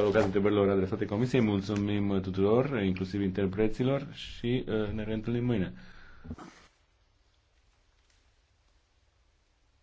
ocazia întrebărilor adresate Comisiei. Mulțumim tuturor, inclusiv interpreților și uh, ne reîntâlnim mâine.